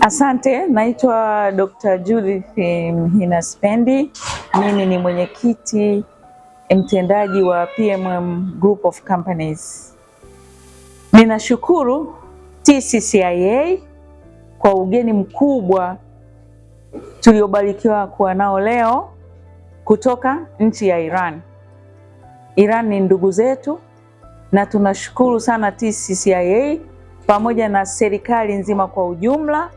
Asante, naitwa Dr. Judith spendi Mimi ni mwenyekiti mtendaji wa PMM Group of Companies. Ninashukuru TCCIA kwa ugeni mkubwa tuliobarikiwa kuwa nao leo kutoka nchi ya Iran. Iran ni ndugu zetu na tunashukuru sana TCCIA pamoja na serikali nzima kwa ujumla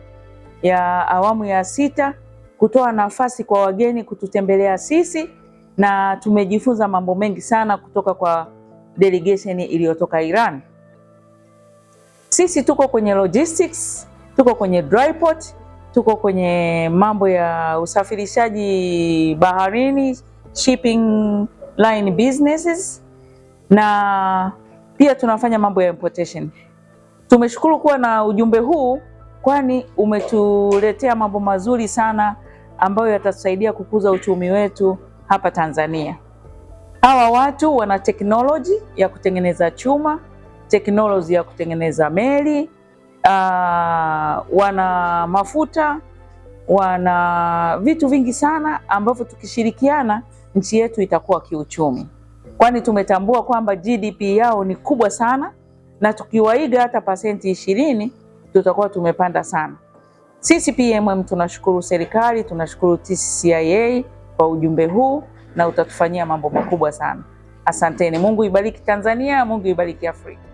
ya awamu ya sita kutoa nafasi kwa wageni kututembelea sisi, na tumejifunza mambo mengi sana kutoka kwa delegation iliyotoka Iran. Sisi tuko kwenye logistics, tuko kwenye dry port, tuko kwenye mambo ya usafirishaji baharini, shipping line businesses, na pia tunafanya mambo ya importation. Tumeshukuru kuwa na ujumbe huu kwani umetuletea mambo mazuri sana ambayo yatasaidia kukuza uchumi wetu hapa Tanzania. Hawa watu wana teknoloji ya kutengeneza chuma, teknoloji ya kutengeneza meli, uh, wana mafuta, wana vitu vingi sana ambavyo tukishirikiana nchi yetu itakuwa kiuchumi, kwani tumetambua kwamba GDP yao ni kubwa sana, na tukiwaiga hata pasenti ishirini tutakuwa tumepanda sana. Sisi PMM tunashukuru serikali, tunashukuru TCCIA kwa ujumbe huu na utatufanyia mambo makubwa sana. Asanteni. Mungu ibariki Tanzania, Mungu ibariki Afrika.